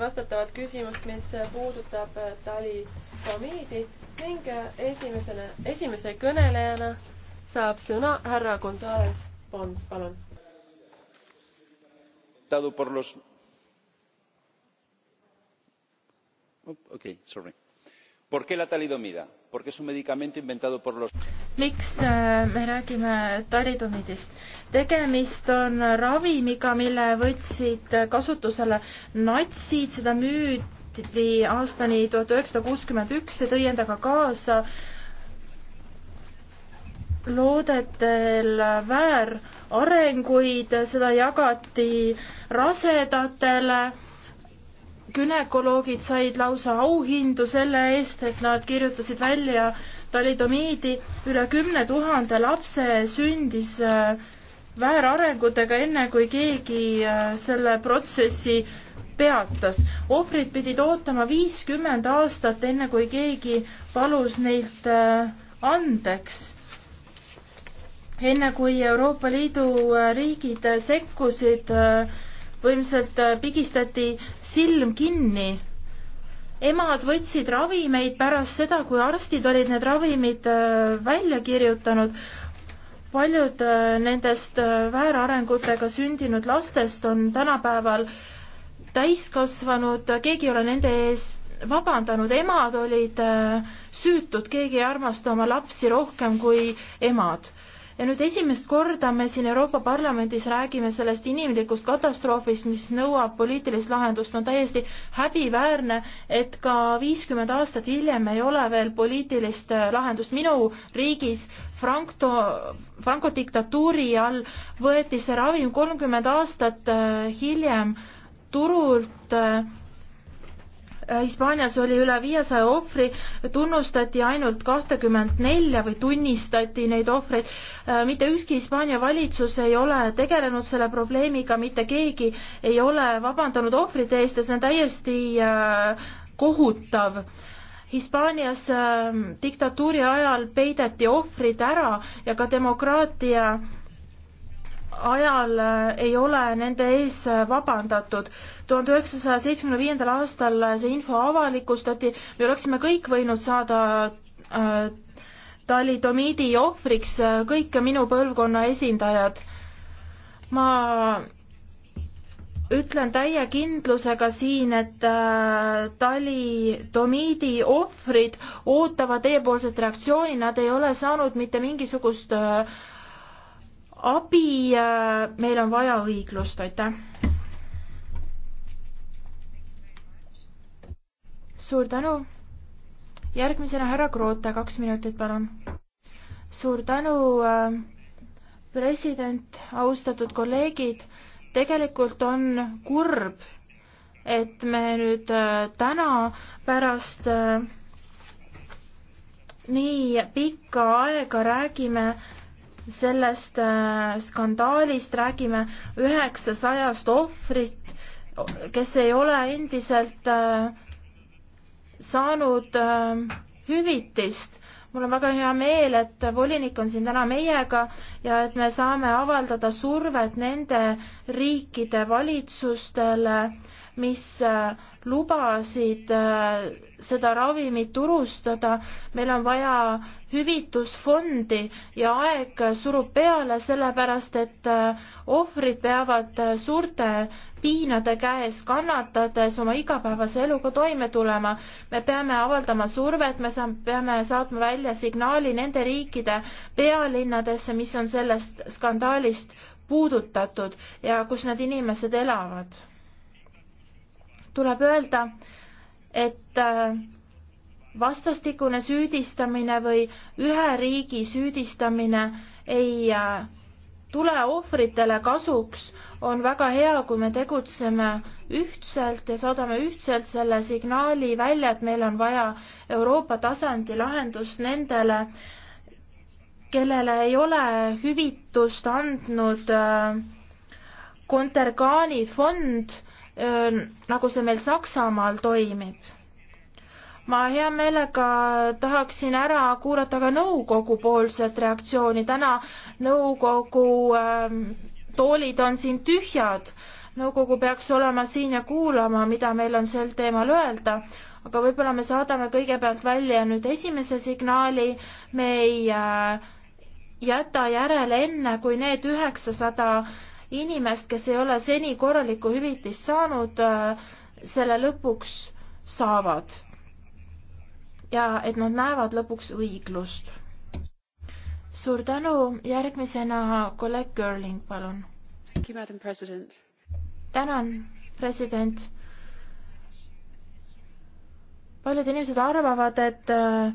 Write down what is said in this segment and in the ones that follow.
vastatavat küsimust, mis puudutab äh, talitamiidi ning äh, esimesena, esimese kõnelejana saab sõna härra Gonzales Pons, palun. Okay, sorry. ¿Por qué la talidomida? Porque es un medicamento inventado por los miks äh, me räägime talidomidist. tegemist on ravimiga, mille võtsid kasutusele natsid, seda müüdi aastani tuhat üheksasada kuuskümmend üks, see tõi endaga kaasa loodetel väärarenguid, seda jagati rasedatele günekoloogid said lausa auhindu selle eest, et nad kirjutasid välja talidomiidi. üle kümne tuhande lapse sündis äh, väärarengutega, enne kui keegi äh, selle protsessi peatas. ohvrid pidid ootama viiskümmend aastat, enne kui keegi palus neilt äh, andeks. enne kui Euroopa Liidu riigid sekkusid, võimsalt pigistati silm kinni emad võtsid ravimeid pärast seda, kui arstid olid need ravimid äh, välja kirjutanud. paljud äh, nendest äh, väärarengutega sündinud lastest on tänapäeval täiskasvanud, keegi ei ole nende ees vabandanud, emad olid süütud, keegi ei armasta oma lapsi rohkem kui emad ja nüüd esimest korda me siin Euroopa Parlamendis räägime sellest inimlikust katastroofist, mis nõuab poliitilist lahendust, on täiesti häbiväärne, et ka viiskümmend aastat hiljem ei ole veel poliitilist äh, lahendust. minu riigis Frankto, Franco diktatuuri all võeti see ravim kolmkümmend aastat äh, hiljem turult äh, Äh, Hispaanias oli üle viiesaja ohvri, tunnustati ainult kahtekümmend nelja või tunnistati neid ohvreid. Äh, mitte ükski Hispaania valitsus ei ole tegelenud selle probleemiga, mitte keegi ei ole vabandanud ohvrite eest ja see on täiesti äh, kohutav. Hispaanias diktatuuri ajal peideti ohvrid ära ja ka demokraatia ajal äh, ei ole nende ees äh, vabandatud. tuhande üheksasaja seitsmekümne viiendal aastal äh, see info avalikustati, me oleksime kõik võinud saada äh, talidomiidi ohvriks, kõik minu põlvkonna esindajad. ma ütlen täie kindlusega siin, et äh, talidomiidi ohvrid ootavad teiepoolset reaktsiooni, nad ei ole saanud mitte mingisugust äh, abi, äh, meil on vaja õiglust, aitäh. suur tänu. järgmisena härra Kroote, kaks minutit, palun. suur tänu, äh, president, austatud kolleegid. tegelikult on kurb, et me nüüd äh, täna pärast nii pikka aega räägime sellest äh, skandaalist räägime üheksasajast ohvrit, kes ei ole endiselt äh, saanud äh, hüvitist. mul on väga hea meel, et volinik on siin täna meiega ja et me saame avaldada survet nende riikide valitsustele, mis äh, lubasid äh, seda ravimit turustada. meil on vaja hüvitusfondi ja aeg surub peale, sellepärast et äh, ohvrid peavad suurte piinade käes kannatades oma igapäevase eluga toime tulema. me peame avaldama survet, me saame, peame saatma välja signaali nende riikide pealinnadesse, mis on sellest skandaalist puudutatud ja kus need inimesed elavad tuleb öelda, et äh, vastastikune süüdistamine või ühe riigi süüdistamine ei äh, tule ohvritele kasuks, on väga hea, kui me tegutseme ühtselt ja saadame ühtselt selle signaali välja, et meil on vaja Euroopa tasandi lahendust nendele, kellele ei ole hüvitust andnud äh, Kontergani fond nagu see meil Saksamaal toimib. ma hea meelega tahaksin ära kuulata ka nõukogu poolset reaktsiooni, täna nõukogu ähm, toolid on siin tühjad, nõukogu peaks olema siin ja kuulama, mida meil on sel teemal öelda aga võib-olla me saadame kõigepealt välja nüüd esimese signaali, me ei äh, jäta järele enne, kui need üheksasada inimest, kes ei ole seni korralikku hüvitist saanud, äh, selle lõpuks saavad. ja et nad näevad lõpuks õiglust. suur tänu, järgmisena kolleeg Görling, palun. tänan, president. paljud inimesed arvavad, et äh,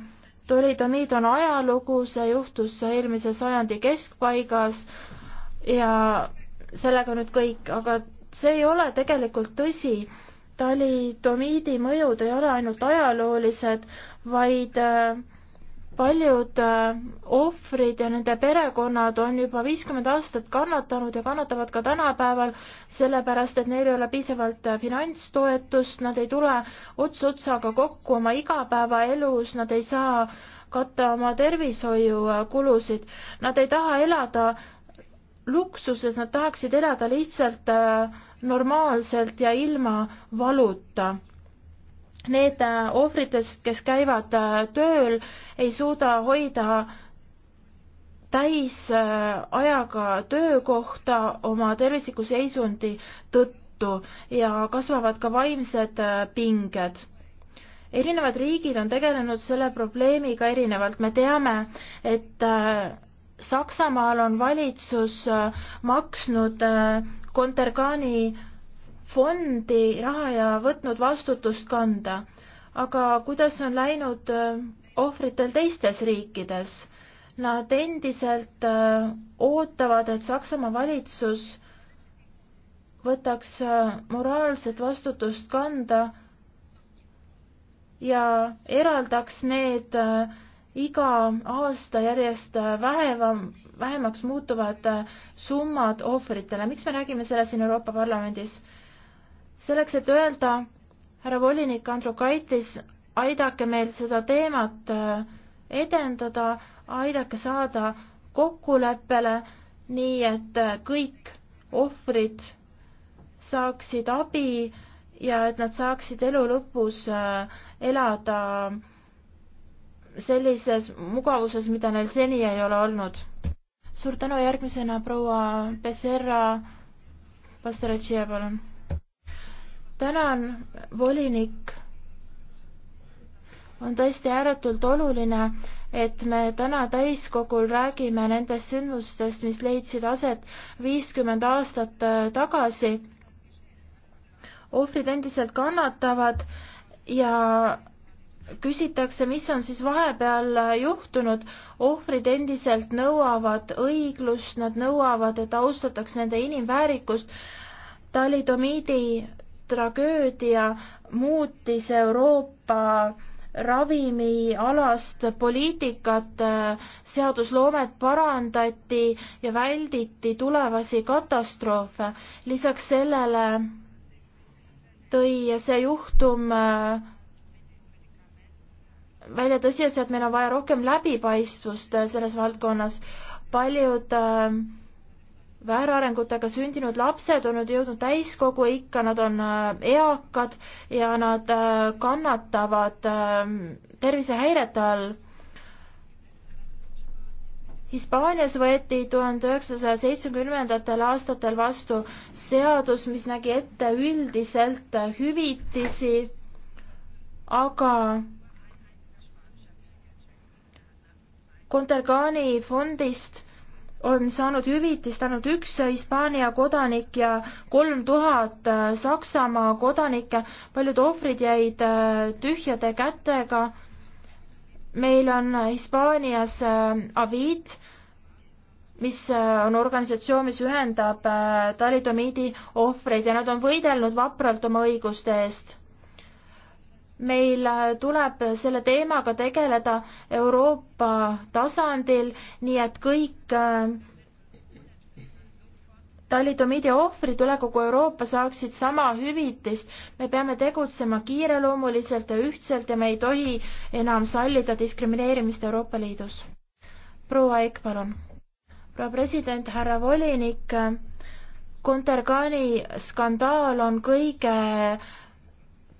tolidoniid on ajalugu, see juhtus eelmise sajandi keskpaigas ja sellega nüüd kõik, aga see ei ole tegelikult tõsi. talidomiidi mõjud ei ole ainult ajaloolised, vaid äh, paljud äh, ohvrid ja nende perekonnad on juba viiskümmend aastat kannatanud ja kannatavad ka tänapäeval, sellepärast et neil ei ole piisavalt äh, finantstoetust, nad ei tule ots otsaga kokku oma igapäevaelus, nad ei saa katta oma tervishoiukulusid, nad ei taha elada luksuses, nad tahaksid elada lihtsalt äh, normaalselt ja ilma valuta. Need äh, ohvritest, kes käivad äh, tööl, ei suuda hoida täisajaga töökohta oma tervisliku seisundi tõttu ja kasvavad ka vaimsed pinged erinevad riigid on tegelenud selle probleemiga erinevalt, me teame, et Saksamaal on valitsus äh, maksnud Kontergani äh, fondi raha ja võtnud vastutust kanda. aga kuidas on läinud äh, ohvritel teistes riikides? Nad endiselt ootavad, et Saksamaa valitsus võtaks moraalset vastutust kanda ja eraldaks need äh, iga aasta järjest vähevam, vähemaks muutuvad summad ohvritele. miks me räägime sellest siin Euroopa Parlamendis? selleks, et öelda, härra volinik Andrukaitis, aidake meil seda teemat äh, edendada, aidake saada kokkuleppele, nii et äh, kõik ohvrid saaksid abi ja et nad saaksid elu lõpus äh, elada äh, sellises mugavuses, mida neil seni ei ole olnud. suur tänu, järgmisena proua Becerra Pastoratšia, palun. tänan, volinik. on tõesti ääretult oluline, et me täna täiskogul räägime nendest sündmustest, mis leidsid aset viiskümmend aastat äh, tagasi. ohvrid endiselt kannatavad ja küsitakse, mis on siis vahepeal juhtunud. ohvrid endiselt nõuavad õiglust, nad nõuavad, et austataks nende inimväärikust. talidomiidi tragöödia muutis Euroopa ravimialast poliitikat, seadusloomet parandati ja välditi tulevasi katastroofe. lisaks sellele tõi see juhtum välja tõsiasi, et meil on vaja rohkem läbipaistvust äh, selles valdkonnas. paljud äh, väärarengutega sündinud lapsed on nüüd jõudnud täiskogu ikka, nad on äh, eakad ja nad äh, kannatavad ähm, tervisehäirete all. Hispaanias võeti tuhande üheksasaja seitsmekümnendatel aastatel vastu seadus, mis nägi ette üldiselt hüvitisi, aga Kontergani fondist on saanud hüvitist ainult üks Hispaania kodanik ja kolm tuhat äh, Saksamaa kodanikke. paljud ohvrid jäid äh, tühjade kätega. meil on Hispaanias äh, Avid, mis on organisatsioon, mis ühendab talidomiidi ohvreid ja nad on võidelnud vapralt oma õiguste eest meil äh, tuleb selle teemaga tegeleda Euroopa tasandil, nii et kõik äh, talidomiidi ohvrid üle kogu Euroopa saaksid sama hüvitist. me peame tegutsema kiireloomuliselt ja ühtselt ja me ei tohi enam sallida diskrimineerimist Euroopa Liidus. proua Eik, palun. proua president, härra volinik, äh, Kontergani skandaal on kõige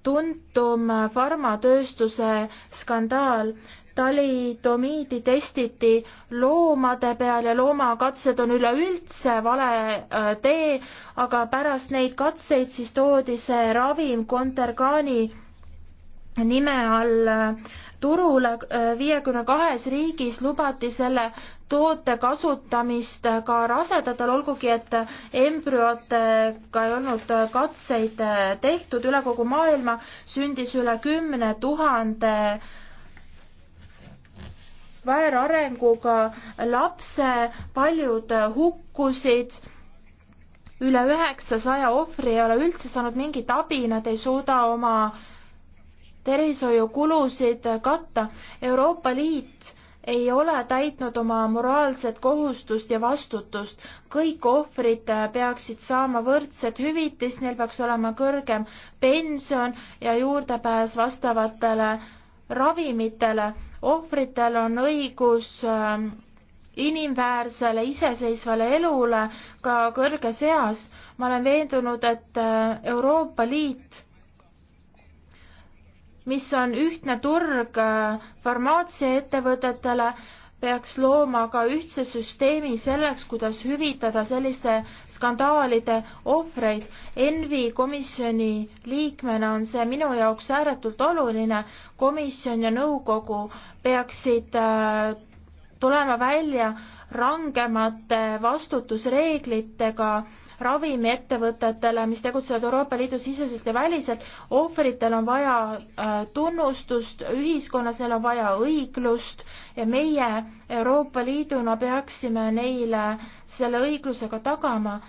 tuntum farmatööstuse skandaal. talidomiidi testiti loomade peal ja loomakatsed on üleüldse vale äh, tee, aga pärast neid katseid siis toodi see ravim Kontergani nime all äh, turule äh, viiekümne kahes riigis lubati selle toote kasutamist ka rasedatel, olgugi et embrüotega ei olnud katseid äh, tehtud, üle kogu maailma sündis üle kümne tuhande väärarenguga lapse, paljud hukkusid üle üheksasaja ohvri ei ole üldse saanud mingit abi, nad ei suuda oma tervishoiukulusid katta. Euroopa Liit ei ole täitnud oma moraalset kohustust ja vastutust. kõik ohvrid peaksid saama võrdset hüvitist, neil peaks olema kõrgem pension ja juurdepääs vastavatele ravimitele. ohvritel on õigus ähm, inimväärsele iseseisvale elule ka kõrges eas. ma olen veendunud, et äh, Euroopa Liit mis on ühtne turg äh, farmaatsiaettevõtetele, peaks looma ka ühtse süsteemi selleks, kuidas hüvitada selliste skandaalide ohvreid. Envi komisjoni liikmena on see minu jaoks ääretult oluline. komisjon ja nõukogu peaksid äh, tulema välja rangemate vastutusreeglitega ravimiettevõtetele, mis tegutsevad Euroopa Liidu siseselt ja väliselt. ohvritel on vaja äh, tunnustust ühiskonnas, neil on vaja õiglust ja meie Euroopa Liiduna peaksime neile selle õiglusega tagama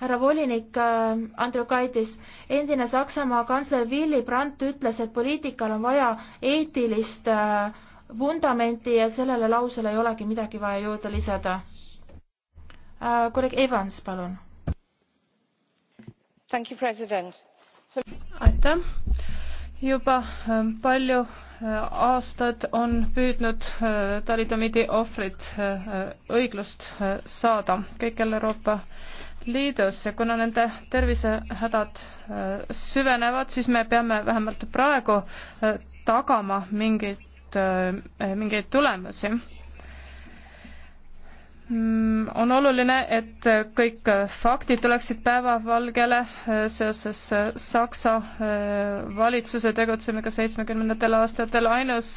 härra volinik äh, Andrukaitis, endine Saksamaa kantsler Willy Brandt ütles, et poliitikal on vaja eetilist äh, vundamenti ja sellele lausele ei olegi midagi vaja juurde lisada. kolleeg Evans, palun aitäh! juba ähm, palju äh, aastaid on püüdnud äh, talidomidi ohvrid äh, õiglust saada kõikjal euroopa liidus ja kuna nende tervisehädad süvenevad siis me peame vähemalt praegu tagama mingeid mingeid tulemusi Mm, on oluline, et kõik faktid tuleksid päevavalgele äh, seoses äh, Saksa äh, valitsuse tegutsemisega seitsmekümnendatel aastatel. ainus,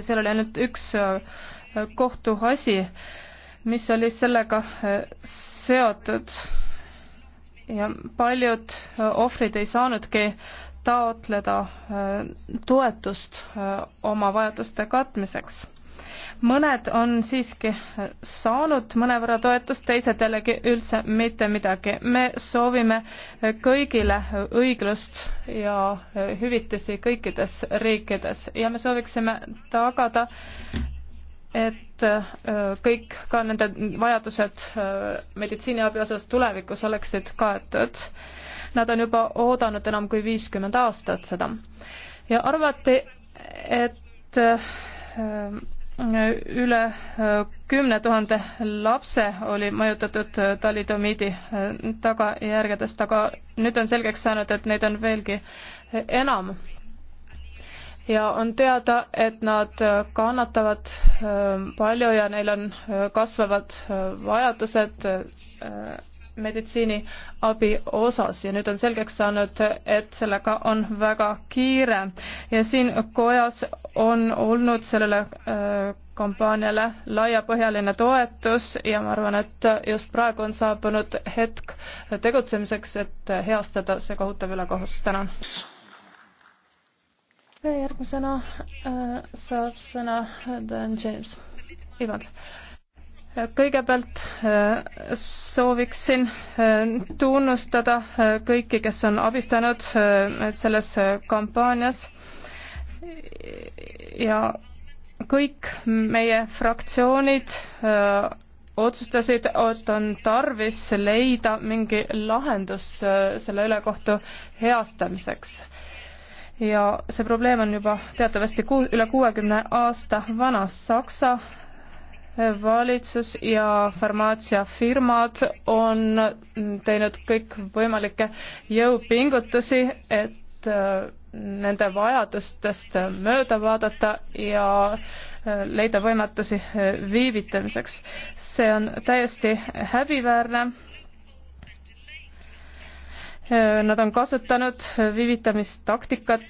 seal oli ainult üks kohtuasi, mis oli sellega seotud ja paljud ohvrid ei saanudki taotleda toetust oma vajaduste katmiseks mõned on siiski saanud mõnevõrra toetust, teised jällegi üldse mitte midagi. me soovime kõigile õiglust ja hüvitisi kõikides riikides ja me sooviksime tagada, et äh, kõik ka nende vajadused äh, meditsiiniabi osas tulevikus oleksid kaetud. Nad on juba oodanud enam kui viiskümmend aastat seda ja arvati, et äh, üle äh, kümne tuhande lapse oli mõjutatud äh, talidomiidi äh, tagajärgedest, aga nüüd on selgeks saanud, et neid on veelgi enam. ja on teada, et nad kannatavad palju ja neil on kasvavad vajadused meditsiiniabi osas ja nüüd on selgeks saanud, et sellega on väga kiire ja siin kojas on olnud sellele äh, kampaaniale laiapõhjaline toetus ja ma arvan, et just praegu on saabunud hetk tegutsemiseks, et heastada see kohutav ülekohus. tänan. järgmisena äh, saab sõna Dan James. Ivan kõigepealt äh, sooviksin äh, tunnustada äh, kõiki, kes on abistanud selles kampaanias ja kõik meie fraktsioonid otsustasid, et on tarvis leida mingi lahendus selle ülekohtu heastamiseks ja see probleem on juba teatavasti kuu, üle kuuekümne aasta vana. Saksa valitsus ja farmaatsiafirmad on teinud kõikvõimalikke jõupingutusi, et äh, nende vajadustest mööda vaadata ja äh, leida võimatusi äh, viivitamiseks. see on täiesti häbiväärne. Nad on kasutanud viivitamistaktikat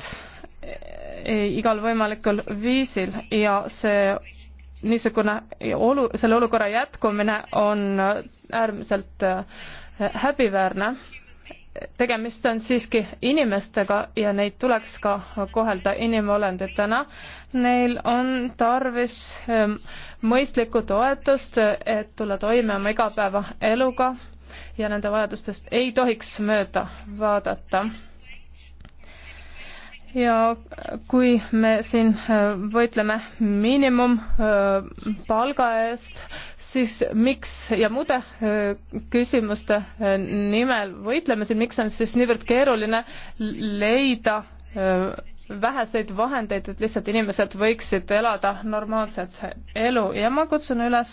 igal võimalikul viisil ja see niisugune olu, selle olukorra jätkumine on äärmiselt äh, häbiväärne. tegemist on siiski inimestega ja neid tuleks ka kohelda inimolenditena. Neil on tarvis ähm, mõistlikku toetust, et tulla toime oma igapäevaeluga ja nende vajadustest ei tohiks mööda vaadata ja kui me siin äh, võitleme miinimumpalga äh, eest, siis miks ja muude äh, küsimuste nimel võitleme siin, miks on siis niivõrd keeruline leida väheseid vahendeid, et lihtsalt inimesed võiksid elada normaalset elu ja ma kutsun üles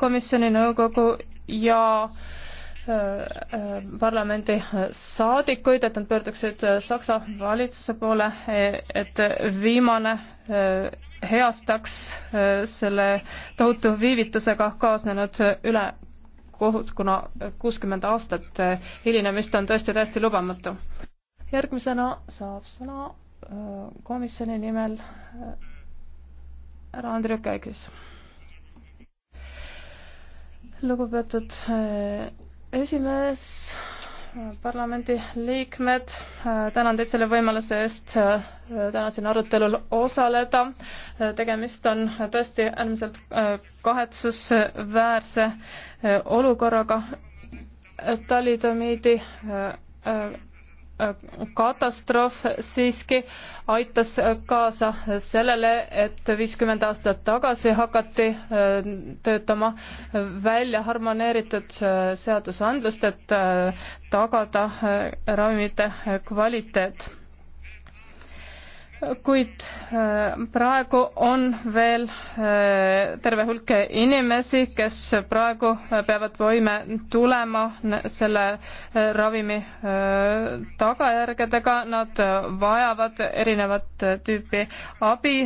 komisjoni nõukogu ja äh, Äh, parlamendi saadikuid, et nad pöörduksid äh, Saksa valitsuse poole, e, et viimane äh, heastaks selle tohutu viivitusega kaasnenud ülekohut, kuna kuuskümmend aastat hilinemist on tõesti täiesti lubamatu. järgmisena saab sõna komisjoni nimel härra Andrei Käigis. lugupeetud esimees, parlamendi liikmed, tänan teid selle võimaluse eest äh, täna siin arutelul osaleda. Äh, tegemist on tõesti äärmiselt äh, kahetsusväärse olukorraga talidomiidi katastroof siiski aitas kaasa sellele, et viiskümmend aastat tagasi hakati äh, töötama välja harmoneeritud äh, seadusandlust, et äh, tagada ravimite kvaliteet kuid äh, praegu on veel äh, terve hulk inimesi, kes praegu äh, peavad võime tulema selle ravimi tagajärgedega, nad vajavad erinevat tüüpi abi,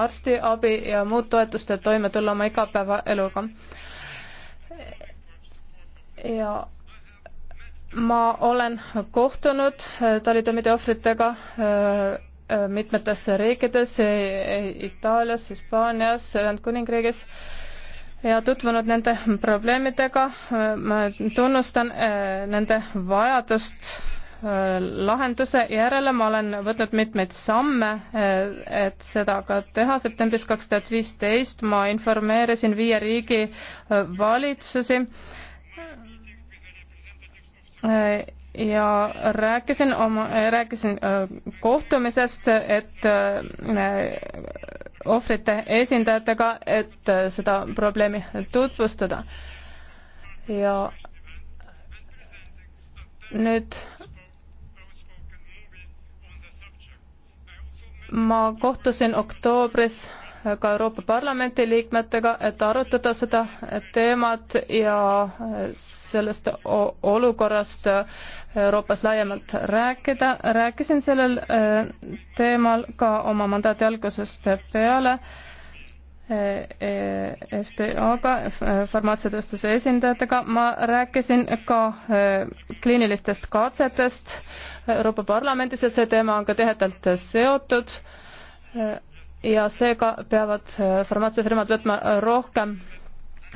arstiabi ja muud toetust, et toime tulla oma igapäevaeluga. ja ma olen kohtunud äh, talidomide ohvritega äh, äh, mitmetes riikides, e, e, Itaalias, Hispaanias, Ühendkuningriigis ja tutvunud nende probleemidega. ma tunnustan nende vajadust lahenduse järele, ma olen võtnud mitmeid samme, et seda ka teha. septembris kaks tuhat viisteist ma informeerisin viie riigi valitsusi Äh, ja rääkisin oma, äh, rääkisin äh, kohtumisest, et ohvrite esindajatega, et seda probleemi tutvustada. ja nüüd ma kohtusin oktoobris ka Euroopa Parlamenti liikmetega, et arutada seda teemat ja sellest olukorrast Euroopas laiemalt rääkida. rääkisin sellel eh, teemal ka oma mandaati algusest peale eh, FBA-ga, farmaatsiatööstuse esindajatega, ma rääkisin ka eh, kliinilistest katsetest Euroopa Parlamendis ja see teema on ka tihedalt seotud ja seega peavad äh, farmaatsiafirmad võtma äh, rohkem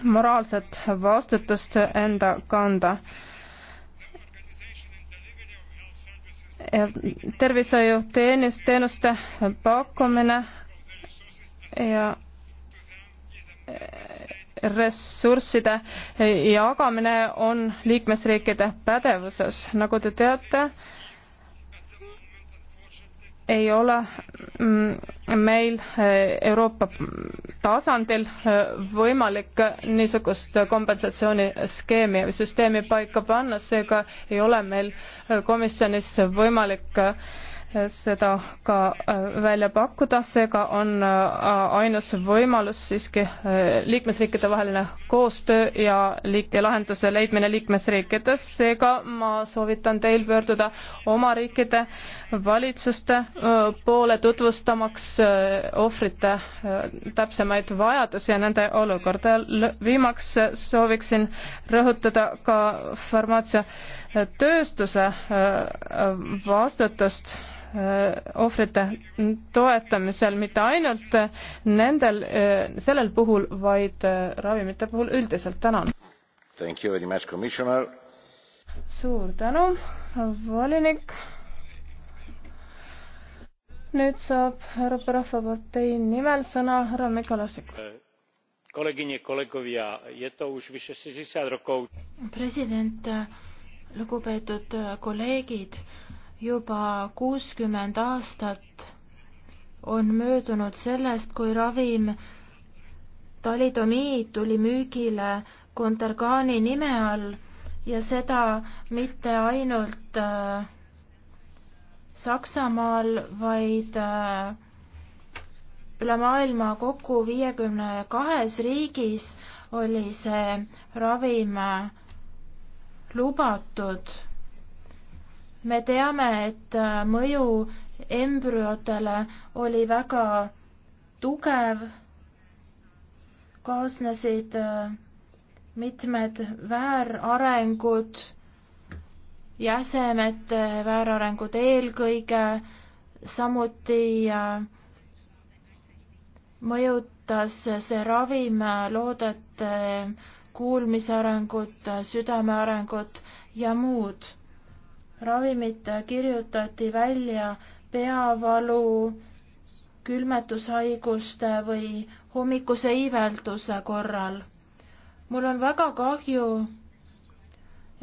moraalset vastutust enda kanda. tervishoiuteenus, teenuste pakkumine ja äh, ressursside jagamine on liikmesriikide pädevuses, nagu te teate ei ole mm, meil äh, Euroopa tasandil äh, võimalik niisugust kompensatsiooniskeemi või süsteemi paika panna, seega ei ole meil äh, komisjonis võimalik seda ka äh, välja pakkuda, seega on äh, ainus võimalus siiski äh, liikmesriikide vaheline koostöö ja liik-, lahenduse leidmine liikmesriikides, seega ma soovitan teil pöörduda oma riikide valitsuste poole, tutvustamaks ohvrite täpsemaid vajadusi ja nende olukorda. viimaks sooviksin rõhutada ka farmaatsiatööstuse vastutust Äh, ohvrite toetamisel mitte ainult äh, nendel, äh, sellel puhul, vaid ravimite puhul üldiselt. tänan. suur tänu, volinik. nüüd saab Euroopa Rahvapartei nimel sõna härra Mikolasik. president, lugupeetud kolleegid juba kuuskümmend aastat on möödunud sellest, kui ravim talidomiid tuli müügile Kontergani nime all ja seda mitte ainult äh, Saksamaal, vaid äh, üle maailma kokku viiekümne kahes riigis oli see ravim äh, lubatud me teame, et äh, mõju embrüotele oli väga tugev, kaasnesid äh, mitmed väärarengud, jäsemete väärarengud eelkõige, samuti äh, mõjutas see ravim loodete kuulmise arengut, südame arengut ja muud ravimid kirjutati välja peavalu, külmetushaiguste või hommikuse iivelduse korral. mul on väga kahju,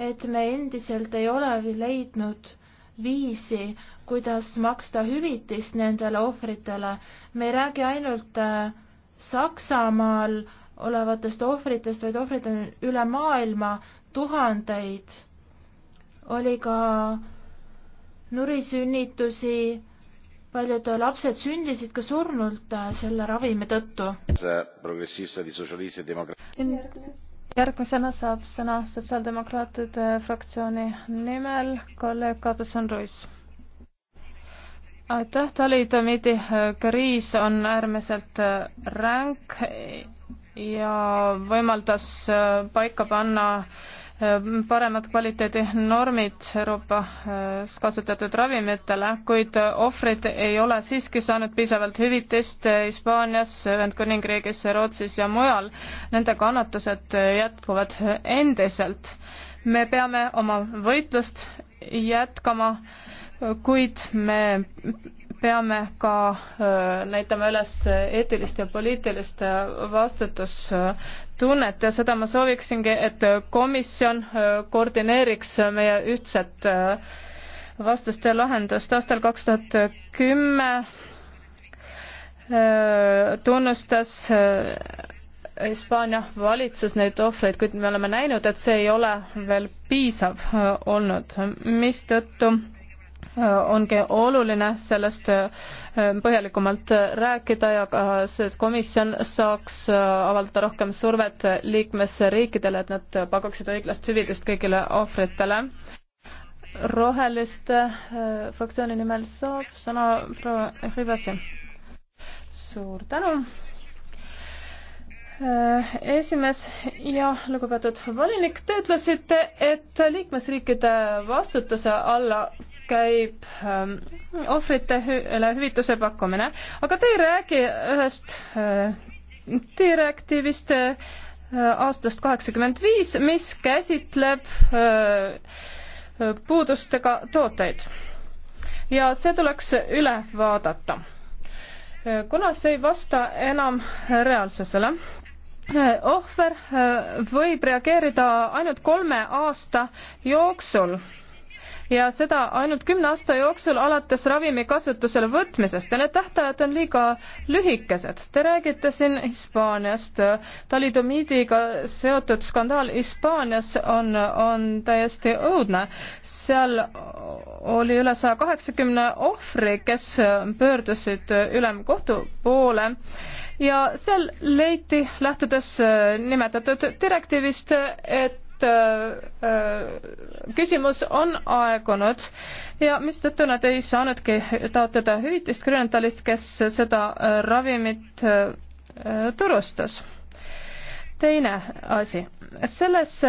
et me endiselt ei ole leidnud viisi, kuidas maksta hüvitist nendele ohvritele. me ei räägi ainult äh, Saksamaal olevatest ohvritest, vaid ohvrid on üle maailma tuhandeid oli ka nurisünnitusi, paljud lapsed sündisid ka surnult äh, selle ravimi tõttu. järgmisena saab sõna Sotsiaaldemokraatide äh, fraktsiooni nimel kolleeg Kabson-Ruiz aitäh, talidomiidi kriis äh, on äärmiselt ränk ja võimaldas paika panna äh, paremad kvaliteedinormid Euroopas äh, kasutatud ravimitele, kuid ohvrid ei ole siiski saanud piisavalt hüvitist äh, Hispaanias, Ühendkuningriigis, Rootsis ja mujal. Nende kannatused jätkuvad endiselt. me peame oma võitlust jätkama, kuid me peame ka äh, näitama üles eetilist ja poliitilist äh, vastutustunnet ja seda ma sooviksingi, et komisjon äh, koordineeriks meie ühtset vastust ja lahendust. aastal kaks tuhat kümme tunnustas Hispaania valitsus neid ohvreid, kuid me oleme näinud, et see ei ole veel piisav olnud, mistõttu Äh, ongi oluline sellest äh, põhjalikumalt rääkida ja ka see komisjon saaks äh, avaldada rohkem survet liikmesriikidele, et nad pakuksid õiglast hüvitist kõigile ohvritele. roheliste fraktsiooni nimel saab sõna proua Rivasi. suur tänu Äh, esimees ja lugupeetud volinik, te ütlesite, et liikmesriikide vastutuse alla käib ähm, ohvrite üle hüvituse pakkumine, aga te ei räägi ühest äh, direktiivist äh, aastast kaheksakümmend viis, mis käsitleb puudustega tooteid. ja see tuleks üle vaadata, kuna see ei vasta enam reaalsusele ohver eh, võib reageerida ainult kolme aasta jooksul ja seda ainult kümne aasta jooksul alates ravimi kasutusele võtmisest ja need tähtajad on liiga lühikesed. Te räägite siin Hispaaniast, talidomiidiga seotud skandaal Hispaanias on, on täiesti õudne. seal oli üle saja kaheksakümne ohvri, kes pöördusid ülemkohtu poole ja seal leiti, lähtudes äh, nimetatud direktiivist, et äh, äh, küsimus on aegunud ja mistõttu nad ei saanudki taotleda hüvitist Grünenthalist, kes seda ravimit turustas. teine asi, selles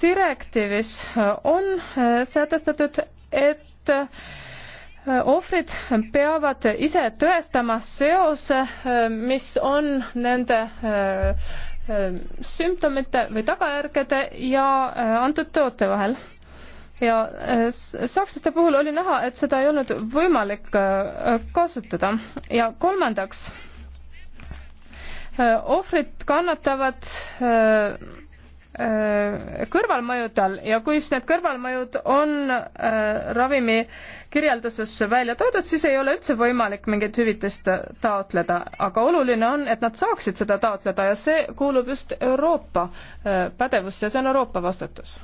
direktiivis on sätestatud, et ohvrid peavad ise tõestama seose, mis on nende äh, äh, sümptomite või tagajärgede ja äh, antud toote vahel ja sakslaste puhul oli näha, et seda ei olnud võimalik kasutada ja kolmandaks ohvrid kannatavad Äh, kõrvalmõjudel ja kui siis need kõrvalmõjud on äh, ravimi kirjelduses välja toodud, siis ei ole üldse võimalik mingit hüvitist taotleda, aga oluline on, et nad saaksid seda taotleda ja see kuulub just Euroopa äh, pädevusse ja see on Euroopa vastutus.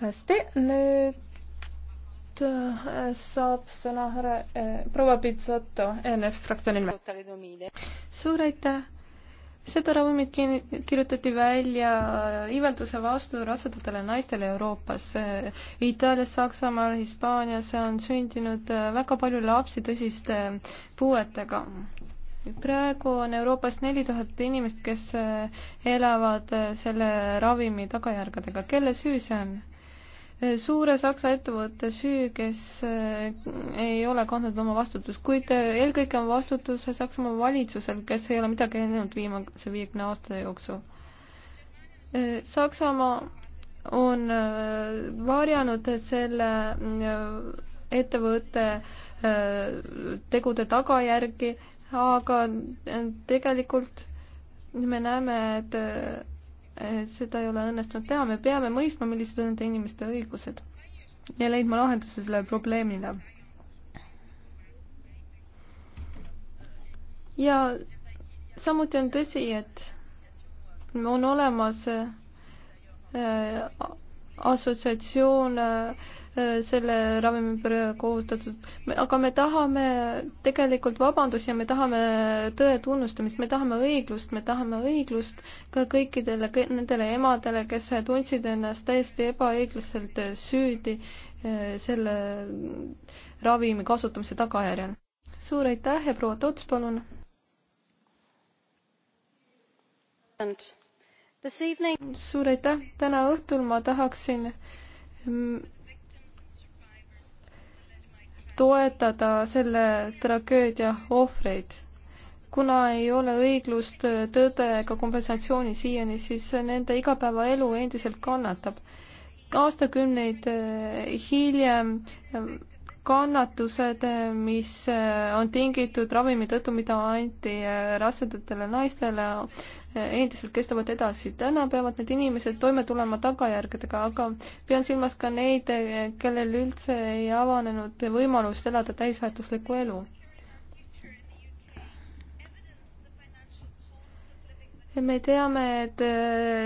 hästi, nüüd nüüd äh, saab sõna härra äh, proua Pitsoto NF fraktsiooni nimel. suur aitäh! seda ravimit kirjutati välja iivelduse äh, vastu rasedatele naistele Euroopas. Äh, Itaalias, Saksamaal, Hispaanias on sündinud väga palju lapsi tõsiste puuetega. praegu on Euroopas neli tuhat inimest, kes elavad selle ravimi tagajärgedega. kelle süü see on? suure Saksa ettevõtte süü, kes äh, ei ole kandnud oma vastutust, kuid äh, eelkõige on vastutus Saksamaa valitsusel, kes ei ole midagi teinud viimase viiekümne aasta jooksul. Äh, Saksamaa on varjanud selle ettevõtte tegude tagajärgi, aga tegelikult me näeme, et seda ei ole õnnestunud teha, me peame mõistma, millised on nende inimeste õigused ja leidma lahenduse sellele probleemile. ja samuti on tõsi, et on olemas äh, assotsiatsioon äh, Äh, selle ravimi kohustatud, aga me tahame tegelikult vabandusi ja me tahame tõe tunnustamist, me tahame õiglust, me tahame õiglust ka kõikidele kõik, nendele emadele, kes tundsid ennast täiesti ebaõiglaselt süüdi äh, selle ravimi kasutamise tagajärjel. suur aitäh ja proua Tots, palun. suur aitäh, täna õhtul ma tahaksin mm, toetada selle tragöödia ohvreid. kuna ei ole õiglust, tõde ega kompensatsiooni siiani, siis nende igapäevaelu endiselt kannatab. aastakümneid äh, hiljem kannatused, mis eh, on tingitud ravimi tõttu, mida anti eh, rasedatele naistele, eh, endiselt kestavad edasi. täna peavad need inimesed toime tulema tagajärgedega, aga pean silmas ka neid, kellel üldse ei avanenud võimalust elada täisväärtuslikku elu. me teame, et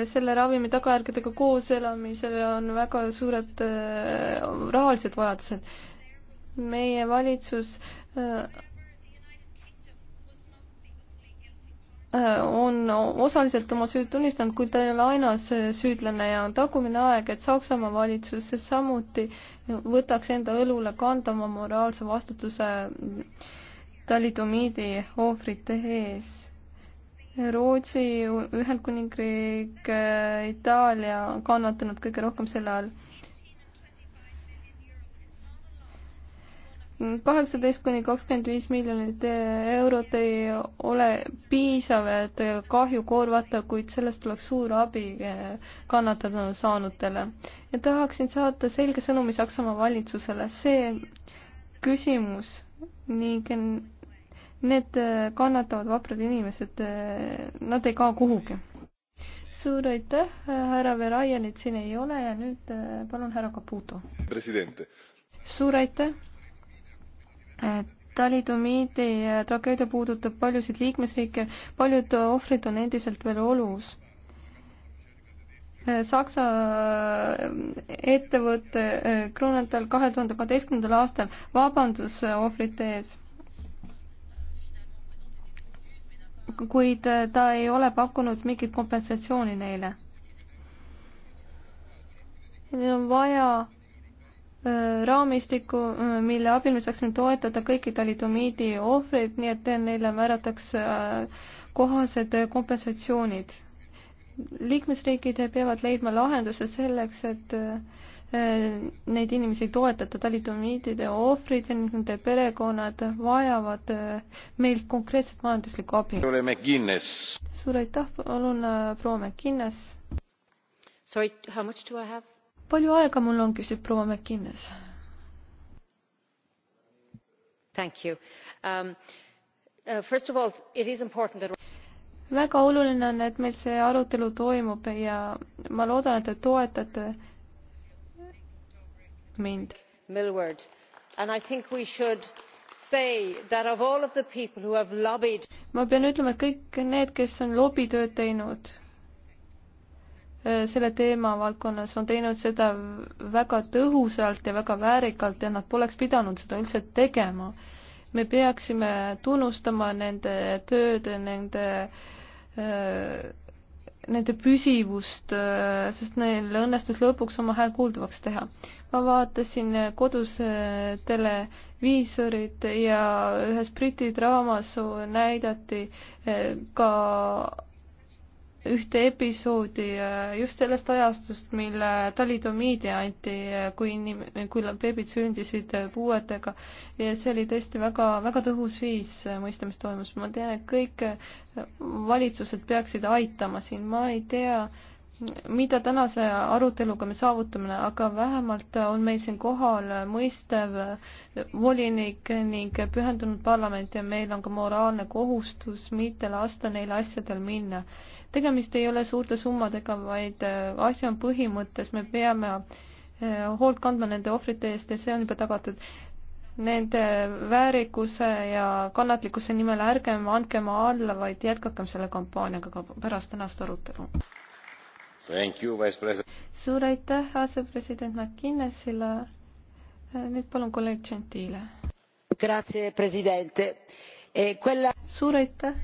selle ravimi tagajärgedega koos elamisel on väga suured rahalised vajadused meie valitsus äh, on osaliselt oma süüd tunnistanud, kuid ta ei ole ainus süüdlane ja on tagumine aeg, et Saksamaa valitsus samuti võtaks enda õlule kanda oma moraalse vastutuse talidomiidi ohvrite ees. Rootsi, Ühendkuningriik, Itaalia on kannatanud kõige rohkem selle all kaheksateist kuni kakskümmend viis miljonit eurot ei ole piisav, et kahju korvata, kuid sellest oleks suur abi eh, kannatanu saanutele. ja tahaksin saata selge sõnumi Saksamaa valitsusele, see küsimus ning need kannatavad vaprad inimesed, eh, nad ei kao kuhugi. suur aitäh, härra Verajanit siin ei ole ja nüüd eh, palun härra Caputo. suur aitäh talidomiidi tragöödia puudutab paljusid liikmesriike, paljud ohvrid on endiselt veel olus. Saksa äh, ettevõte äh, Kronenthal kahe tuhande kaheteistkümnendal aastal vabandus äh, ohvrite ees. kuid ta ei ole pakkunud mingit kompensatsiooni neile. Neil on vaja Äh, raamistiku, äh, mille abil me saaksime toetada kõiki talidomiidi ohvreid, nii et neile määratakse äh, kohased kompensatsioonid. liikmesriigid peavad leidma lahenduse selleks, et neid inimesi toetada, talidomiidide ohvrid ja nende perekonnad vajavad meilt konkreetset majanduslikku abi. suur aitäh, palun proua McGuinness. Sorry, how much do I have? palju aega mul on, küsib proua McInnes. Um, uh, all, that... väga oluline on, et meil see arutelu toimub ja ma loodan, et te toetate mind. Millward and I think we should say that of all of the people who have lobbied. ma pean ütlema, et kõik need, kes on lobitööd teinud Äh, selle teemavaldkonnas on teinud seda väga tõhusalt ja väga väärikalt ja nad poleks pidanud seda üldse tegema. me peaksime tunnustama nende tööd, nende, äh, nende püsivust, äh, sest neil õnnestus lõpuks oma hääl kuuldavaks teha. ma vaatasin kodus televiisorit ja ühes Briti draamas näidati ka ühte episoodi äh, just sellest ajastust, mil talidomiidi anti, äh, kui inim-, kui beebid sündisid äh, puuetega ja see oli tõesti väga, väga tõhus viis mõista, mis toimus. ma tean, et kõik valitsused peaksid aitama siin, ma ei tea, mida tänase aruteluga me saavutame, aga vähemalt on meil siin kohal mõistev volinik ning pühendunud parlament ja meil on ka moraalne kohustus mitte lasta neil asjadel minna tegemist ei ole suurte summadega, vaid äh, asi on põhimõttes, me peame äh, hoolt kandma nende ohvrite eest ja see on juba tagatud. Nende äh, väärikuse ja kannatlikkuse nimel ärgem andkem alla, vaid jätkakem selle kampaaniaga ka pärast tänast arutelu. suur aitäh asepresident McInnesile. nüüd palun kolleeg Gentile. Eh, suur aitäh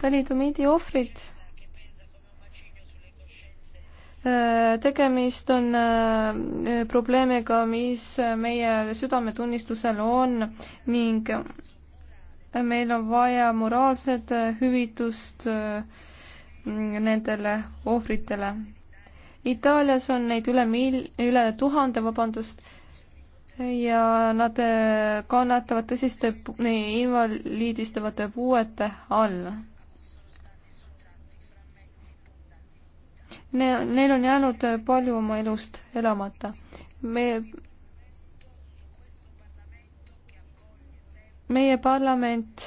talidomiidi ohvrid. Äh, tegemist on äh, probleemiga, mis meie südametunnistusel on ning meil on vaja moraalset hüvitust äh, nendele ohvritele. Itaalias on neid üle mil-, üle tuhande, vabandust, ja nad kannatavad tõsiste invaliidistavate puuete all ne-, neil on jäänud palju oma elust elamata. me, meie parlament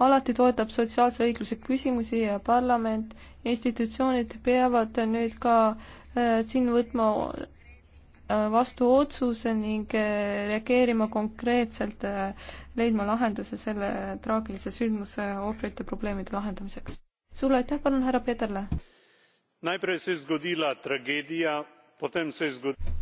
alati toetab sotsiaalse õigluse küsimusi ja parlament, institutsioonid peavad nüüd ka äh, siin võtma äh, vastu otsuse ning äh, reageerima konkreetselt äh,, leidma lahenduse selle traagilise sündmuse ohvrite probleemide lahendamiseks. suur aitäh, palun härra Peterle! najprej se je zgodila tragedija potem se je zgodila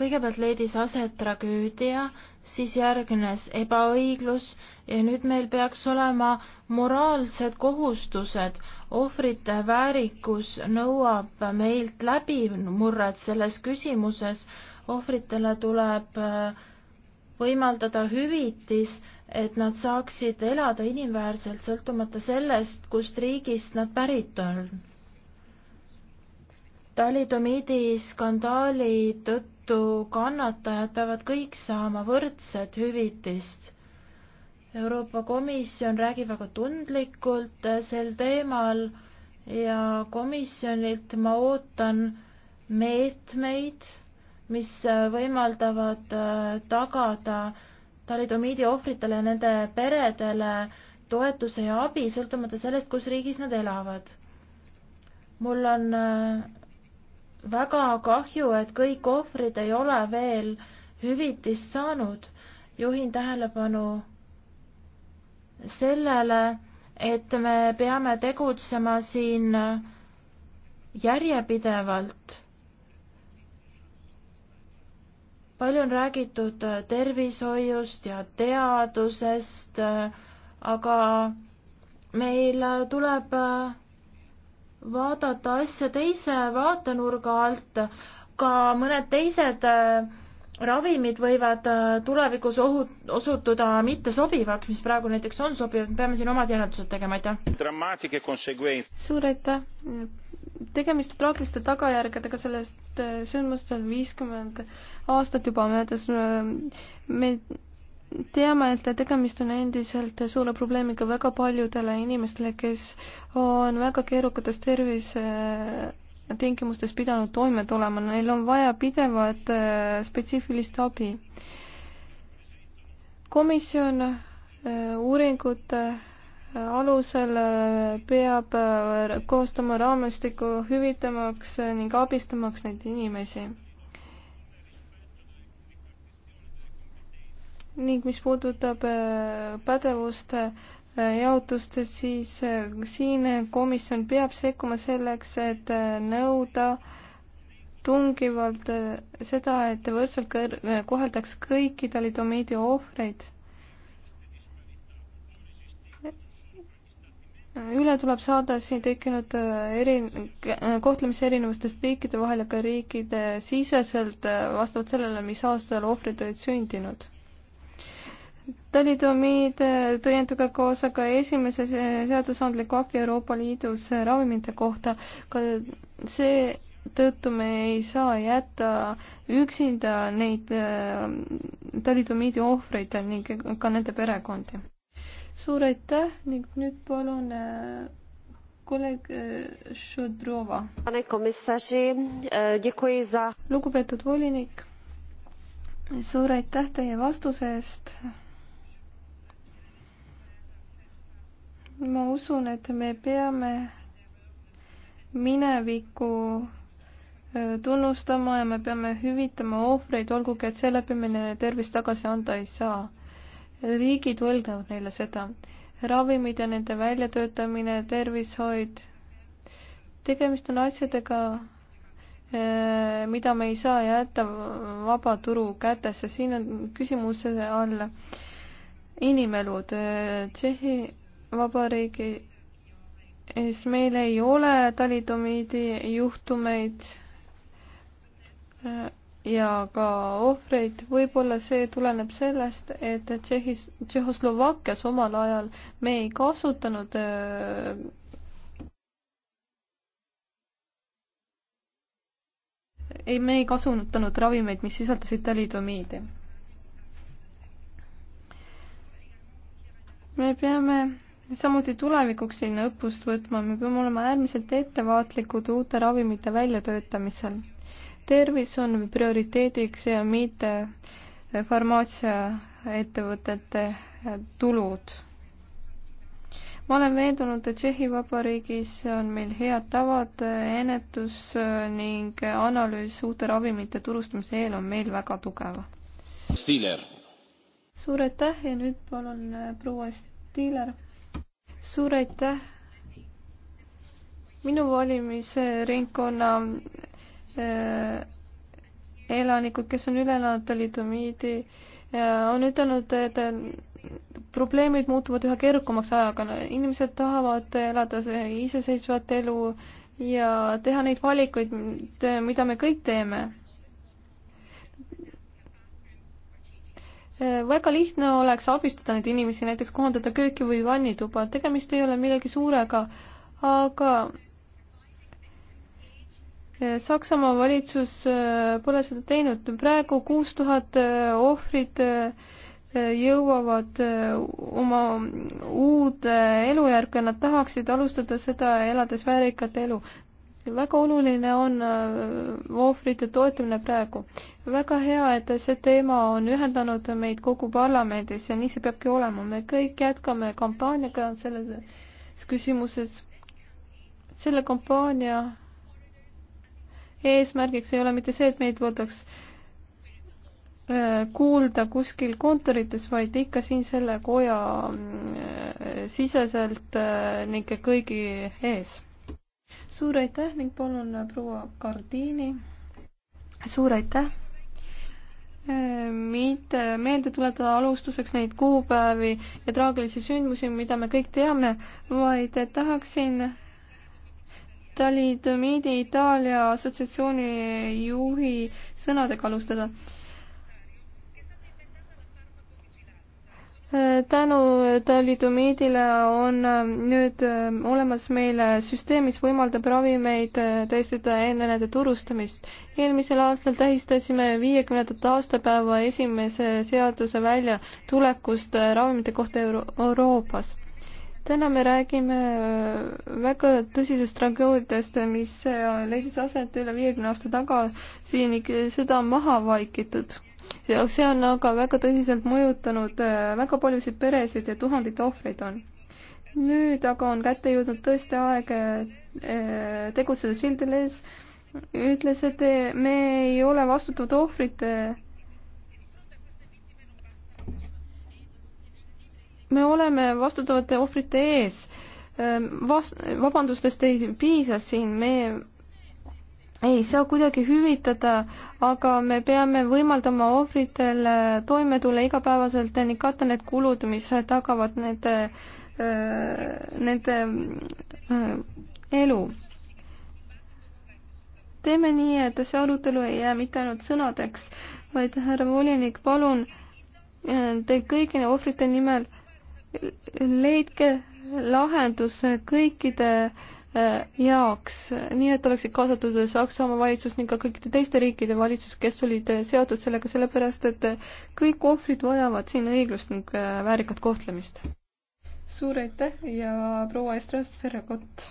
kõigepealt leidis aset tragöödia, siis järgnes ebaõiglus ja nüüd meil peaks olema moraalsed kohustused. ohvrite väärikus nõuab meilt läbimurret selles küsimuses. ohvritele tuleb äh, võimaldada hüvitis et nad saaksid elada inimväärselt, sõltumata sellest, kust riigist nad pärit on. talidomiidi skandaali tõttu kannatajad peavad kõik saama võrdset hüvitist. Euroopa Komisjon räägib väga tundlikult sel teemal ja komisjonilt ma ootan meetmeid, mis võimaldavad tagada äh, talidomiidi ohvritele ja nende peredele toetuse ja abi, sõltumata sellest, kus riigis nad elavad. mul on äh, väga kahju, et kõik ohvrid ei ole veel hüvitist saanud. juhin tähelepanu sellele, et me peame tegutsema siin järjepidevalt palju on räägitud äh, tervishoiust ja teadusest, äh, aga meil äh, tuleb vaadata asja teise vaatenurga alt, ka mõned teised ravimid võivad tulevikus ohut-, osutuda mittesobivaks, mis praegu näiteks on sobivad, me peame siin omad järeldused tegema, aitäh! suur aitäh! tegemist traagiliste tagajärgedega sellest äh, sündmust on viiskümmend aastat juba möödas. me teame, et tegemist on endiselt suure probleemiga väga paljudele inimestele, kes on väga keerukates tervisetingimustes äh, pidanud toime tulema, neil on vaja pidevat äh, spetsiifilist abi. komisjon uuringute alusel äh, peab äh, koostama raamistiku hüvitamaks äh, ning abistamaks neid inimesi. ning mis puudutab pädevuste jaotust, siis siin komisjon peab sekkuma selleks, et nõuda tungivalt seda, et võrdselt koheldaks kõiki talidomiidi ohvreid üle tuleb saada siin tekkinud äh, eri, äh, kohtlemise erinevustest riikide vahel ja ka riikide siseselt äh, vastavalt sellele, mis aastal ohvrid olid sündinud. talidomiid tõiendaga kaasa ka esimese seadusandliku akti Euroopa Liidus ravimite kohta, ka seetõttu me ei saa jätta üksinda neid talidomiidi ohvreid ning ka nende perekondi suur aitäh ning nüüd palun äh, kolleeg äh, Šodrova. Äh, lugupeetud volinik, suur aitäh teie vastuse eest. ma usun, et me peame mineviku tunnustama ja me peame hüvitama ohvreid, olgugi et selle peale tervist tagasi anda ei saa riigid võlgnevad neile seda. ravimid ja nende väljatöötamine, tervishoid, tegemist on asjadega, eh, mida me ei saa jätta vaba turu kätesse, siin on küsimuse all inimelud. Eh, Tšehhi Vabariigis meil ei ole talidomiidi juhtumeid eh, ja ka ohvreid, võib-olla see tuleneb sellest, et Tšehhis, Tšehhoslovakkias omal ajal me ei kasutanud äh, ei, me ei kasutanud ravimeid, mis sisaldasid talidomiidi. me peame samuti tulevikuks sinna õppust võtma, me peame olema äärmiselt ettevaatlikud uute ravimite väljatöötamisel tervis on prioriteediks ja mitte farmaatsiaettevõtete tulud. ma olen veendunud, et Tšehhi Vabariigis on meil head tavad, ennetus ning analüüs uute ravimite turustamise eel on meil väga tugev. Stiiler. suur aitäh ja nüüd palun proua Stiiler. suur aitäh minu valimisringkonna Äh, elanikud, kes on üle elanud talidomiidi, äh, on ütelnud, et äh, probleemid muutuvad üha keerukamaks ajaga, inimesed tahavad elada iseseisvat elu ja teha neid valikuid, mida me kõik teeme. väga lihtne oleks abistada neid inimesi, näiteks kohandada kööki või vannituba, tegemist ei ole millegi suurega, aga Saksamaa valitsus äh, pole seda teinud, praegu kuus tuhat äh, ohvrit äh, jõuavad oma uude elujärku ja nad tahaksid alustada seda elades väärikat elu. väga oluline on ohvrite toetamine praegu. väga hea, et see teema on ühendanud meid kogu parlamendis ja nii see peabki olema, me kõik jätkame kampaaniaga selles küsimuses. selle kampaania eesmärgiks ei ole mitte see, et meid võtaks äh, kuulda kuskil kontorites, vaid ikka siin selle koja äh, siseselt äh, ning kõigi ees. suur aitäh ning palun proua Gardiini. suur aitäh mitte meelde tuletada alustuseks neid kuupäevi ja traagilisi sündmusi, mida me kõik teame, vaid tahaksin talidomiidi Itaalia assotsiatsiooni juhi sõnadega alustada. tänu talidomiidile on nüüd olemas meil süsteem, mis võimaldab ravimeid testada enne nende turustamist. eelmisel aastal tähistasime viiekümnendat aastapäeva esimese seaduse väljatulekust ravimite kohta Euro Euroopas täna me räägime äh, väga tõsisest tragöödiast, mis äh, leidis aset üle viiekümne aasta tagasi ning seda on maha vaikitud. ja see on aga väga tõsiselt mõjutanud äh, väga paljusid peresid ja tuhandeid ohvreid on. nüüd aga on kätte jõudnud tõesti aeg tegutseda sildel ees, ütles, et me ei ole vastutavad ohvrite me oleme vastutavate ohvrite ees. Ehm, Vas-, vabandustest ei piisa siin, me ei saa kuidagi hüvitada, aga me peame võimaldama ohvritel eh, toime tulla igapäevaselt ning katta need kulud, mis tagavad nende, eh, nende eh, elu. teeme nii, et see arutelu ei jää mitte ainult sõnadeks, vaid härra volinik, palun te kõigi ohvrite nimel leidke lahendus kõikide äh, jaoks, nii et oleksid kaasatud Saksamaa valitsus ning ka kõikide teiste riikide valitsus, kes olid äh, seotud sellega, sellepärast et äh, kõik ohvrid vajavad siin õiglust ning väärikat kohtlemist. suur aitäh ja proua Estrast Ferragut.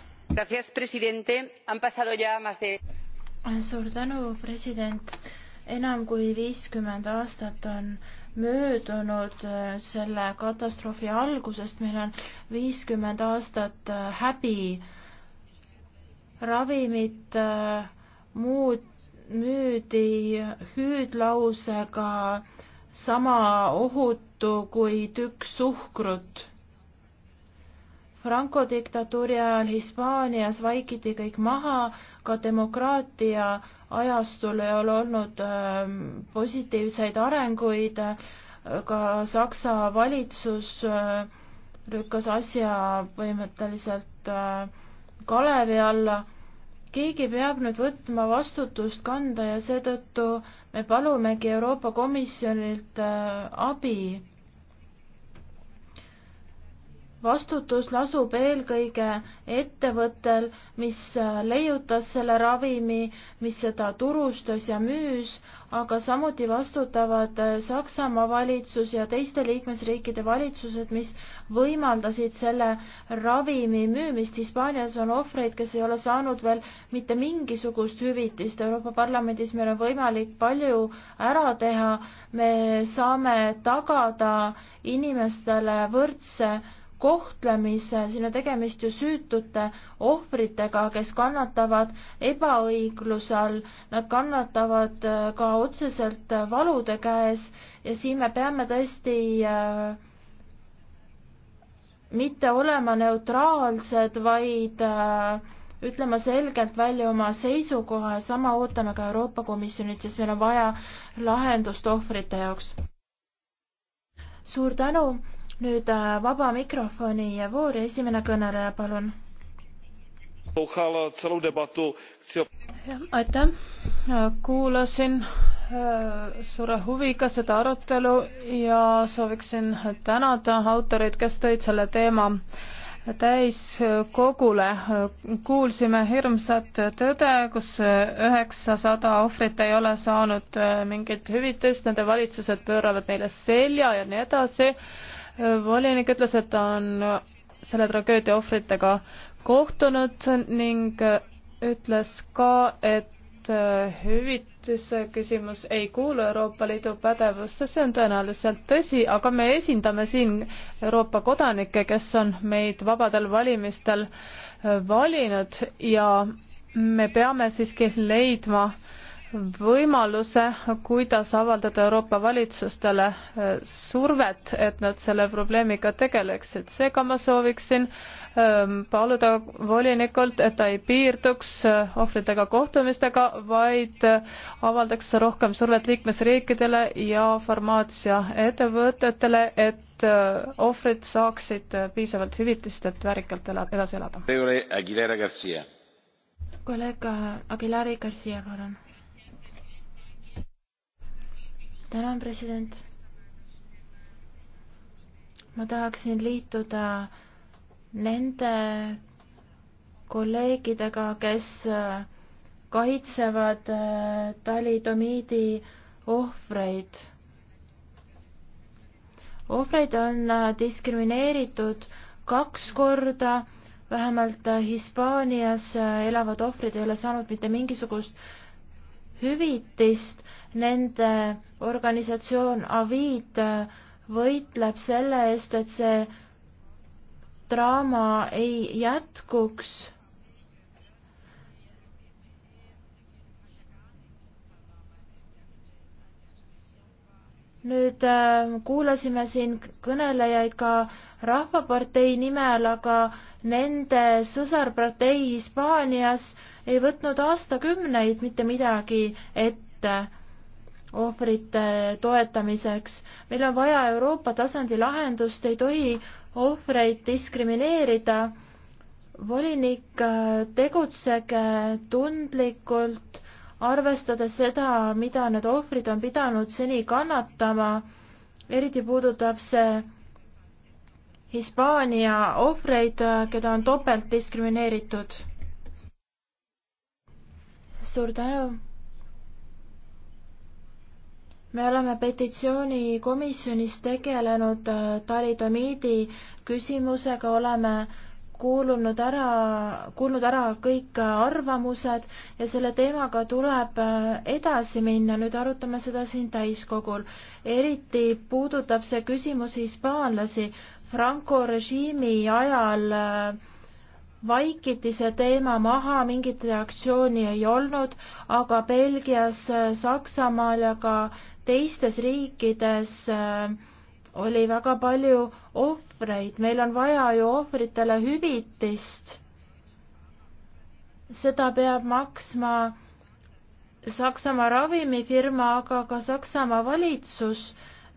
suur tänu, president. enam kui viiskümmend aastat on möödunud äh, selle katastroofi algusest, meil on viiskümmend aastat äh, häbi. ravimid äh, muud müüdi hüüdlausega sama ohutu kui tükk suhkrut Franco diktatuuri ajal Hispaanias vaikiti kõik maha, ka demokraatia ajastul ei ole olnud ähm, positiivseid arenguid, ka Saksa valitsus äh, lükkas asja põhimõtteliselt äh, kalevi alla. keegi peab nüüd võtma vastutust kanda ja seetõttu me palumegi Euroopa Komisjonilt äh, abi vastutus lasub eelkõige ettevõttel, mis äh, leiutas selle ravimi, mis seda turustas ja müüs, aga samuti vastutavad äh, Saksamaa valitsus ja teiste liikmesriikide valitsused, mis võimaldasid selle ravimi müümist. Hispaanias on ohvreid, kes ei ole saanud veel mitte mingisugust hüvitist. Euroopa Parlamendis meil on võimalik palju ära teha. me saame tagada inimestele võrdse kohtlemise, siin on tegemist ju süütute ohvritega, kes kannatavad ebaõigluse all, nad kannatavad äh, ka otseselt valude käes ja siin me peame tõesti äh, mitte olema neutraalsed, vaid äh, ütlema selgelt välja oma seisukoha ja sama ootame ka Euroopa Komisjonilt, sest meil on vaja lahendust ohvrite jaoks. suur tänu nüüd äh, vaba mikrofoni voor ja esimene kõneleja, palun. aitäh, kuulasin äh, suure huviga seda arutelu ja sooviksin tänada autoreid, kes tõid selle teema täiskogule. kuulsime hirmsat tõde, kus üheksasada ohvrit ei ole saanud äh, mingit hüvitist, nende valitsused pööravad neile selja ja nii edasi volinik ütles, et ta on selle tragöödia ohvritega kohtunud ning ütles ka, et äh, hüvitise küsimus ei kuulu Euroopa Liidu pädevusse, see on tõenäoliselt tõsi, aga me esindame siin Euroopa kodanikke, kes on meid vabadel valimistel äh, valinud ja me peame siiski leidma äh, võimaluse, kuidas avaldada Euroopa valitsustele äh, survet, et nad selle probleemiga tegeleksid. seega ma sooviksin ähm, paluda volinikult, et ta ei piirduks äh, ohvritega kohtumistega, vaid äh, avaldaks rohkem survet liikmesriikidele ja farmaatsia ettevõtetele, et ohvrid saaksid piisavalt hüvitist, et väärikalt ela, edasi elada. kolleeg Aguilera Garcia, palun tänan, president. ma tahaksin liituda nende kolleegidega, kes äh, kaitsevad äh, talidomiidi ohvreid. ohvreid on äh, diskrimineeritud kaks korda, vähemalt Hispaanias elavad ohvrid ei ole saanud mitte mingisugust hüvitist. Nende organisatsioon Avid võitleb selle eest, et see draama ei jätkuks nüüd äh, kuulasime siin kõnelejaid ka rahvapartei nimel, aga nende sõsarpartei Hispaanias ei võtnud aastakümneid mitte midagi ette ohvrite toetamiseks. meil on vaja Euroopa tasandi lahendust, ei tohi ohvreid diskrimineerida. volinik, äh, tegutsege tundlikult, arvestades seda, mida need ohvrid on pidanud seni kannatama. eriti puudutab see Hispaania ohvreid, keda on topelt diskrimineeritud. suur tänu. me oleme petitsioonikomisjonis tegelenud äh, talidomiidi küsimusega, oleme kuulunud ära, kuulnud ära kõik arvamused ja selle teemaga tuleb äh, edasi minna, nüüd arutame seda siin täiskogul. eriti puudutab see küsimus hispaanlasi, Franco režiimi ajal äh, vaikiti see teema maha, mingit reaktsiooni ei olnud, aga Belgias, äh, Saksamaal ja ka teistes riikides äh, oli väga palju ohvreid, meil on vaja ju ohvritele hüvitist. seda peab maksma Saksamaa ravimifirma, aga ka Saksamaa valitsus,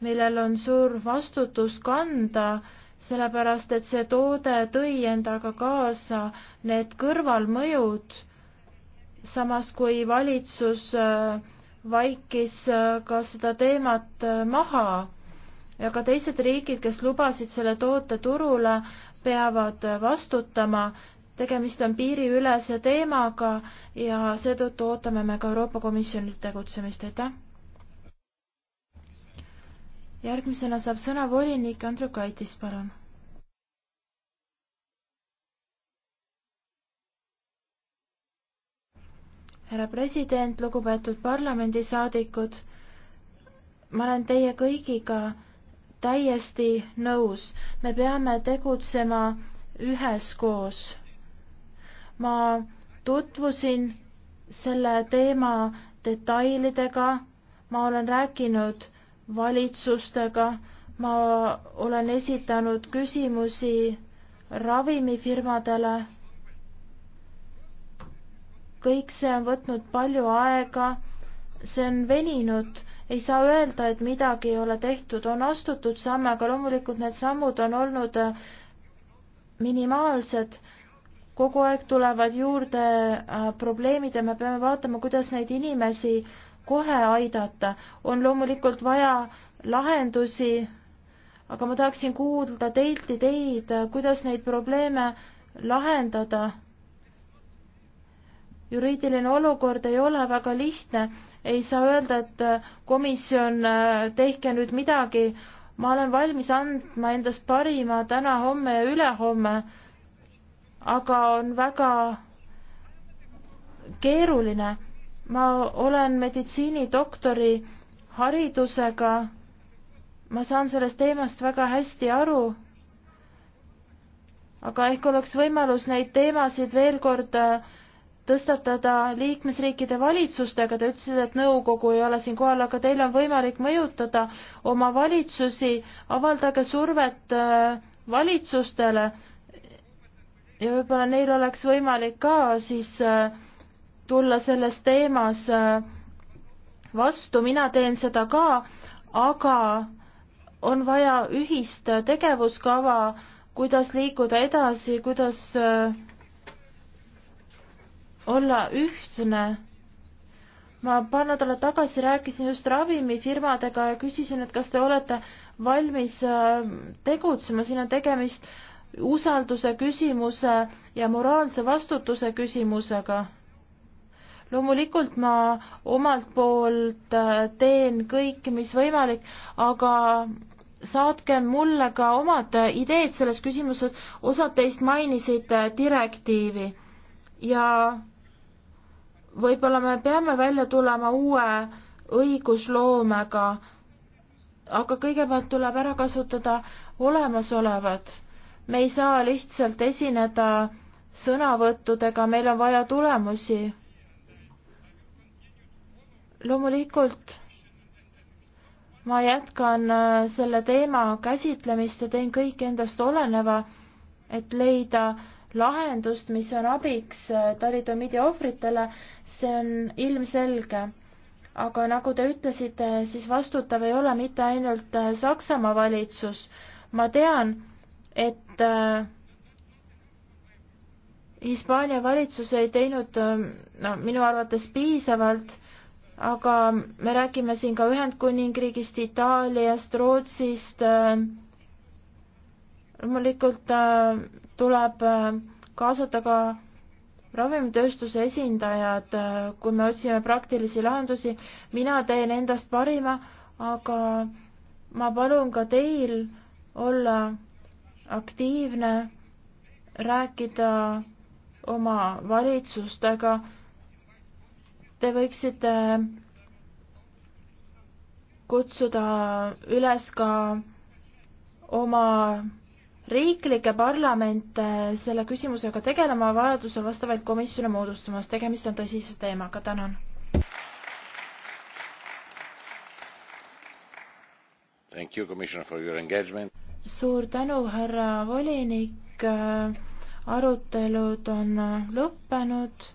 millel on suur vastutus kanda sellepärast et see toode tõi endaga kaasa need kõrvalmõjud, samas kui valitsus äh, vaikis äh, ka seda teemat äh, maha ja ka teised riigid, kes lubasid selle toote turule, peavad vastutama. tegemist on piiriülese teemaga ja seetõttu ootame me ka Euroopa Komisjonilt tegutsemist, aitäh! järgmisena saab sõna volinik Andrukaitis, palun. härra president, lugupeetud parlamendisaadikud, ma olen teie kõigiga täiesti nõus, me peame tegutsema üheskoos. ma tutvusin selle teema detailidega, ma olen rääkinud valitsustega, ma olen esitanud küsimusi ravimifirmadele. kõik see on võtnud palju aega, see on veninud, ei saa öelda, et midagi ei ole tehtud, on astutud samme, aga loomulikult need sammud on olnud minimaalsed kogu aeg tulevad juurde äh, probleemid ja me peame vaatama, kuidas neid inimesi kohe aidata, on loomulikult vaja lahendusi, aga ma tahaksin kuulda teilt ideid, kuidas neid probleeme lahendada. juriidiline olukord ei ole väga lihtne, ei saa öelda, et komisjon, äh, tehke nüüd midagi, ma olen valmis andma endast parima täna, homme ja ülehomme, aga on väga keeruline ma olen meditsiinidoktori haridusega, ma saan sellest teemast väga hästi aru, aga ehk oleks võimalus neid teemasid veel kord äh, tõstatada liikmesriikide valitsustega, te ütlesite, et nõukogu ei ole siin kohal, aga teil on võimalik mõjutada oma valitsusi, avaldage survet äh, valitsustele ja võib-olla neil oleks võimalik ka siis äh, tulla selles teemas äh, vastu, mina teen seda ka, aga on vaja ühist tegevuskava, kuidas liikuda edasi, kuidas äh, olla ühtne. ma paar nädalat tagasi rääkisin just ravimifirmadega ja küsisin, et kas te olete valmis äh, tegutsema, siin on tegemist usalduse küsimuse ja moraalse vastutuse küsimusega loomulikult ma omalt poolt äh, teen kõik, mis võimalik, aga saatke mulle ka omad äh, ideed selles küsimuses, osad teist mainisid äh, direktiivi ja võib-olla me peame välja tulema uue õigusloomega, aga kõigepealt tuleb ära kasutada olemasolevad. me ei saa lihtsalt esineda sõnavõttudega, meil on vaja tulemusi loomulikult ma jätkan äh, selle teema käsitlemist ja teen kõik endast oleneva, et leida lahendust, mis on abiks äh, talidomiidi ohvritele, see on ilmselge. aga nagu te ütlesite, siis vastutav ei ole mitte ainult äh, Saksamaa valitsus. ma tean, et Hispaania valitsus ei teinud no minu arvates piisavalt aga me räägime siin ka Ühendkuningriigist, Itaaliast, Rootsist. loomulikult äh, tuleb äh, kaasata ka ravimitööstuse esindajad, äh, kui me otsime praktilisi lahendusi. mina teen endast parima, aga ma palun ka teil olla aktiivne, rääkida oma valitsustega Te võiksite kutsuda üles ka oma riiklikke parlamente selle küsimusega tegelema, vajadusel vastavaid komisjone moodustamas, tegemist on tõsise teemaga, tänan. suur tänu, härra volinik, arutelud on lõppenud